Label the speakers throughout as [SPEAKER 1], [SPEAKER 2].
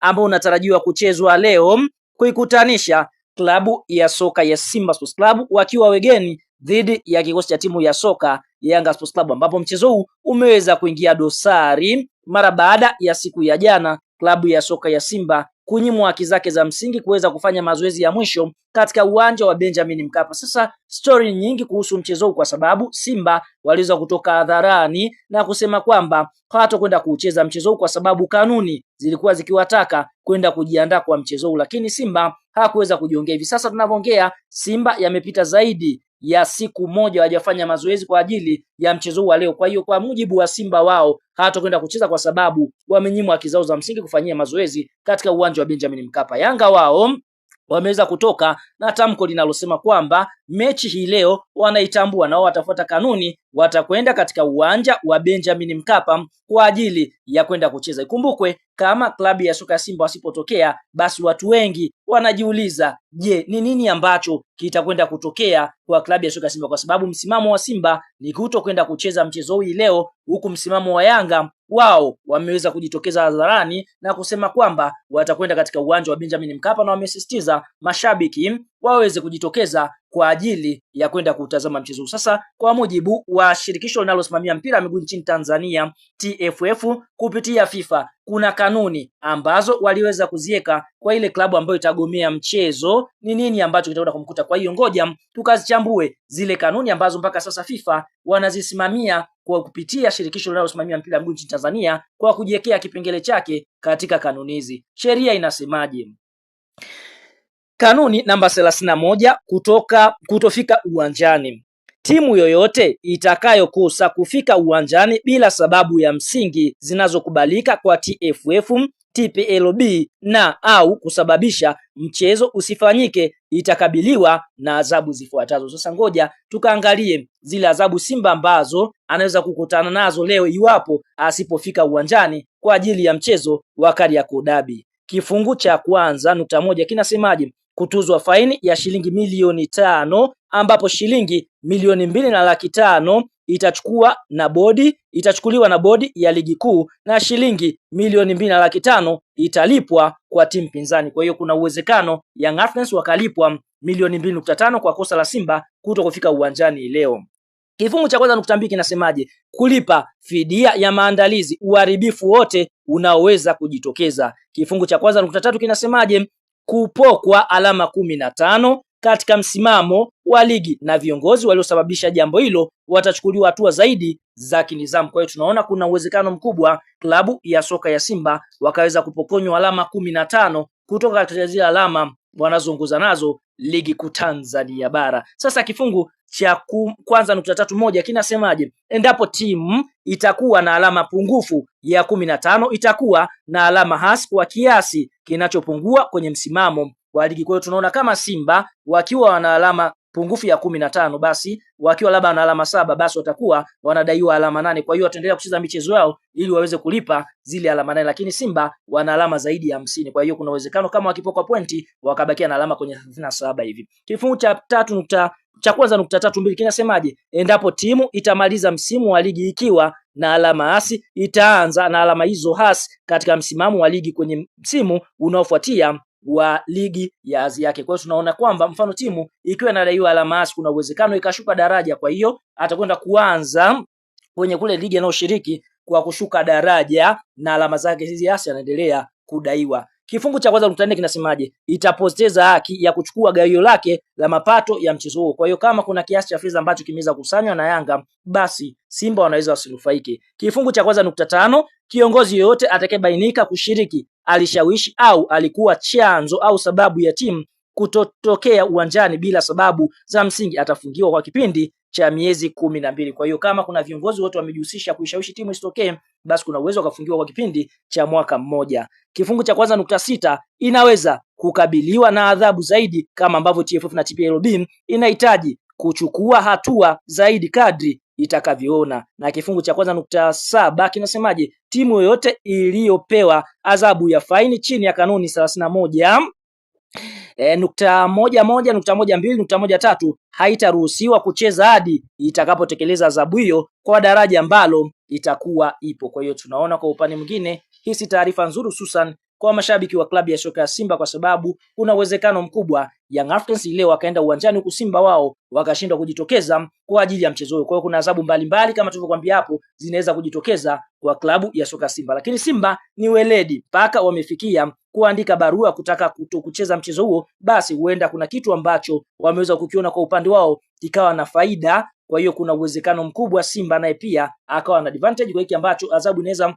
[SPEAKER 1] ambao unatarajiwa kuchezwa leo kuikutanisha klabu ya soka ya Simba Sports Club wakiwa wageni dhidi ya kikosi cha timu ya soka ya Yanga Sports Club, ambapo mchezo huu umeweza kuingia dosari mara baada ya siku ya jana klabu ya soka ya Simba kunyimwa haki zake za msingi kuweza kufanya mazoezi ya mwisho katika uwanja wa Benjamin Mkapa. Sasa stori nyingi kuhusu mchezo huu kwa sababu Simba waliweza kutoka hadharani na kusema kwamba hawatokwenda kuucheza mchezo huu kwa sababu kanuni zilikuwa zikiwataka kwenda kujiandaa kwa mchezo huu, lakini Simba hakuweza kujiongea. Hivi sasa tunavyoongea, Simba yamepita zaidi ya siku moja hawajafanya mazoezi kwa ajili ya mchezo wa leo. Kwa hiyo kwa mujibu wa Simba, wao hawatakwenda kucheza kwa sababu wamenyimwa haki zao za msingi kufanyia mazoezi katika uwanja wa Benjamin Mkapa. Yanga wao wameweza kutoka na tamko linalosema kwamba mechi hii leo wanaitambua nao watafuata kanuni, watakwenda katika uwanja wa Benjamin Mkapa kwa ajili ya kwenda kucheza. Ikumbukwe kama klabu ya soka ya Simba wasipotokea, basi watu wengi wanajiuliza, je, ni nini ambacho kitakwenda kutokea kwa klabu ya soka ya Simba? Kwa sababu msimamo wa Simba ni kuto kwenda kucheza mchezo huu leo, huku msimamo wa Yanga wao wameweza kujitokeza hadharani na kusema kwamba watakwenda katika uwanja wa Benjamin Mkapa na wamesisitiza mashabiki waweze kujitokeza kwa ajili ya kwenda kutazama mchezo huu. Sasa kwa mujibu wa shirikisho linalosimamia mpira wa miguu nchini Tanzania TFF, kupitia FIFA kuna kanuni ambazo waliweza kuziweka kwa ile klabu ambayo itagomea mchezo, ni nini ambacho kitakwenda kumkuta. Kwa hiyo ngoja tukazichambue zile kanuni ambazo mpaka sasa FIFA wanazisimamia kwa kupitia shirikisho linalosimamia mpira wa miguu nchini Tanzania kwa kujiwekea kipengele chake katika kanuni hizi. Sheria inasemaje? Kanuni namba 31 kutoka kutofika uwanjani. Timu yoyote itakayokosa kufika uwanjani bila sababu ya msingi zinazokubalika kwa TFF, TPLB na au kusababisha mchezo usifanyike itakabiliwa na adhabu zifuatazo. Sasa ngoja tukaangalie zile adhabu Simba ambazo anaweza kukutana nazo leo iwapo asipofika uwanjani kwa ajili ya mchezo wa Kariakoo Derby. Kifungu cha kwanza nukta moja kinasemaje? kutuzwa faini ya shilingi milioni tano ambapo shilingi milioni mbili na laki tano itachukua na bodi itachukuliwa na bodi ya ligi kuu na shilingi milioni mbili na laki tano italipwa kwa timu pinzani. Kwa hiyo kuna uwezekano Young Athens wakalipwa milioni mbili nukta tano kwa kosa la Simba kuto kufika uwanjani leo. Kifungu cha kwanza nukta mbili kinasemaje? Kulipa fidia ya maandalizi, uharibifu wote unaoweza kujitokeza. Kifungu cha kwanza nukta tatu kinasemaje? kupokwa alama kumi na tano katika msimamo wa ligi na viongozi waliosababisha jambo hilo watachukuliwa hatua zaidi za kinizamu. Kwa hiyo tunaona kuna uwezekano mkubwa klabu ya soka ya Simba wakaweza kupokonywa alama kumi na tano kutoka katika zile alama wanazunguza nazo ligi kuu Tanzania bara. Sasa kifungu cha kwanza nukta tatu moja kinasemaje? Endapo timu itakuwa na alama pungufu ya kumi na tano itakuwa na alama hasi kwa kiasi kinachopungua kwenye msimamo wa ligi. Kwa hiyo tunaona kama Simba wakiwa wana alama pungufu ya kumi na tano basi wakiwa labda na alama saba basi watakuwa wanadaiwa alama nane. Kwa hiyo wataendelea kucheza michezo yao ili waweze kulipa zile alama nane, lakini Simba wana alama zaidi ya hamsini. Kwa hiyo kuna uwezekano kama wakipokwa pointi wakabakia na alama kwenye thelathini na saba hivi. Kifungu cha tatu nukta cha kwanza nukta tatu mbili kinasemaje? Endapo timu itamaliza msimu wa ligi ikiwa na alama hasi, itaanza na alama hizo hasi katika msimamo wa ligi kwenye msimu unaofuatia wa ligi ya azi yake. Kwa hiyo tunaona kwamba mfano timu ikiwa inadaiwa alama hasi, kuna uwezekano ikashuka daraja, kwa hiyo atakwenda kuanza kwenye kule ligi anayoshiriki kwa kushuka daraja na alama zake hizi hasi anaendelea kudaiwa. Kifungu cha kwanza nukta nne kinasemaje? Itapoteza haki ya kuchukua gawio lake la mapato ya mchezo huo. Kwa hiyo kama kuna kiasi cha fedha ambacho kimeweza kusanywa na Yanga, basi Simba wanaweza wasinufaike. Kifungu cha kwanza nukta tano kiongozi yoyote atakayebainika kushiriki alishawishi au alikuwa chanzo au sababu ya timu kutotokea uwanjani bila sababu za msingi, atafungiwa kwa kipindi cha miezi kumi na mbili. Kwa hiyo kama kuna viongozi wote wamejihusisha kuishawishi timu isitokee, basi kuna uwezo wakafungiwa kwa kipindi cha mwaka mmoja. Kifungu cha kwanza nukta sita inaweza kukabiliwa na adhabu zaidi kama ambavyo TFF na TPLB inahitaji kuchukua hatua zaidi kadri itakavyoona. Na kifungu cha kwanza nukta saba kinasemaje? Timu yoyote iliyopewa adhabu ya faini chini ya kanuni thelathini na moja E, nukta moja moja nukta moja mbili nukta moja tatu haitaruhusiwa kucheza hadi itakapotekeleza adhabu hiyo kwa daraja ambalo itakuwa ipo. Kwa hiyo tunaona kwa upande mwingine, hii si taarifa nzuri, hususan kwa mashabiki wa klabu ya soka ya Simba kwa sababu kuna uwezekano mkubwa Young Africans leo wakaenda uwanjani huku Simba wao wakashindwa kujitokeza kwa ajili ya mchezo huo. Kwa hiyo kuna adhabu mbalimbali kama tulivyokuambia hapo zinaweza kujitokeza kwa klabu ya soka Simba, lakini Simba ni weledi mpaka wamefikia kuandika barua kutaka kuto kucheza mchezo huo, basi huenda kuna kitu ambacho wameweza kukiona kwa upande wao kikawa na faida. Kwa hiyo kuna uwezekano mkubwa Simba naye pia akawa na advantage kwa hiki ambacho adhabu inaweza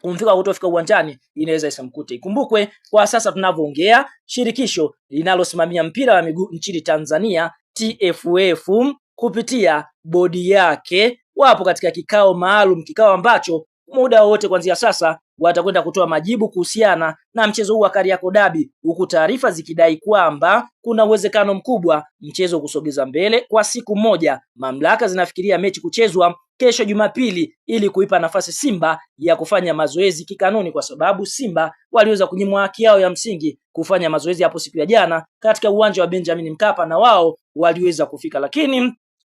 [SPEAKER 1] kumfika kutofika uwanjani inaweza isamkute. Ikumbukwe kwa sasa tunavyoongea, shirikisho linalosimamia mpira wa miguu nchini Tanzania TFF kupitia bodi yake wapo katika kikao maalum, kikao ambacho muda wote kuanzia sasa watakwenda kutoa majibu kuhusiana na mchezo huu wa Kariakoo Derby, huku taarifa zikidai kwamba kuna uwezekano mkubwa mchezo kusogeza mbele kwa siku moja. Mamlaka zinafikiria mechi kuchezwa kesho Jumapili ili kuipa nafasi Simba ya kufanya mazoezi kikanuni, kwa sababu Simba waliweza kunyimwa haki yao ya msingi kufanya mazoezi hapo siku ya jana katika uwanja wa Benjamin Mkapa, na wao waliweza kufika, lakini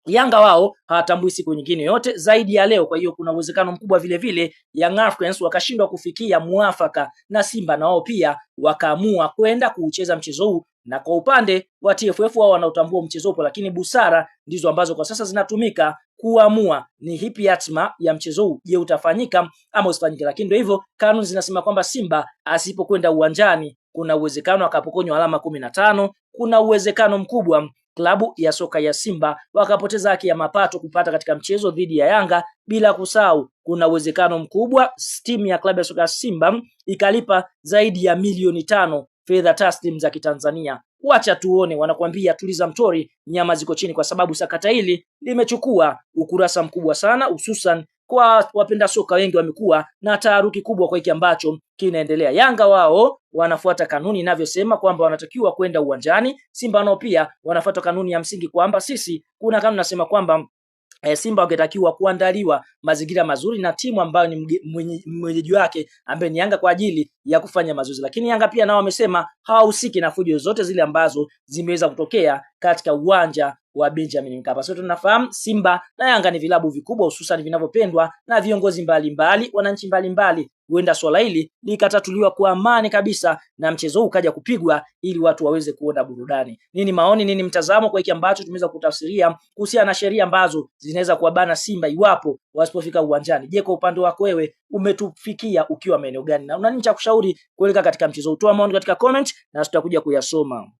[SPEAKER 1] Yanga wao hawatambui siku nyingine yote zaidi ya leo. Kwa hiyo kuna uwezekano mkubwa vile vile Young Africans wakashindwa kufikia mwafaka na Simba na wao pia wakaamua kwenda kuucheza mchezo huu, na kwa upande wa TFF wao wanaotambua mchezo upo, lakini busara ndizo ambazo kwa sasa zinatumika kuamua ni hipi hatima ya mchezo huu, je, utafanyika ama usifanyike. Lakini ndio hivyo, kanuni zinasema kwamba Simba asipokwenda uwanjani kuna uwezekano akapokonywa alama kumi na tano. Kuna uwezekano mkubwa klabu ya soka ya Simba wakapoteza haki ya mapato kupata katika mchezo dhidi ya Yanga, bila kusahau kuna uwezekano mkubwa timu ya klabu ya soka ya Simba ikalipa zaidi ya milioni tano fedha taslim za Kitanzania wacha tuone, wanakuambia tuliza mtori, nyama ziko chini, kwa sababu sakata hili limechukua ukurasa mkubwa sana, hususan kwa wapenda soka wengi wamekuwa na taharuki kubwa kwa hiki ambacho kinaendelea. Yanga wao wanafuata kanuni inavyosema kwamba wanatakiwa kwenda uwanjani. Simba nao pia wanafuata kanuni ya msingi kwamba sisi, kuna kanuni nasema kwamba E, Simba wangetakiwa kuandaliwa mazingira mazuri na timu ambayo ni mwenyeji wake ambaye ni Yanga kwa ajili ya kufanya mazoezi, lakini Yanga pia nao wamesema hawahusiki na fujo zote zile ambazo zimeweza kutokea katika uwanja wa Benjamin Mkapa. Sote tunafahamu Simba na Yanga ni vilabu vikubwa, hususan vinavyopendwa na viongozi mbalimbali, wananchi mbalimbali. Huenda swala hili likatatuliwa kwa amani kabisa na mchezo huu ukaja kupigwa ili watu waweze kuona burudani. Nini maoni, nini mtazamo kwa hiki ambacho tumeweza kutafsiria kuhusiana na sheria ambazo zinaweza kuwabana Simba iwapo wasipofika uwanjani? Je, kwa upande wako wewe umetufikia ukiwa maeneo gani na una nini cha kushauri kuelekea katika mchezo huu? Toa maoni katika comment na tutakuja kuyasoma.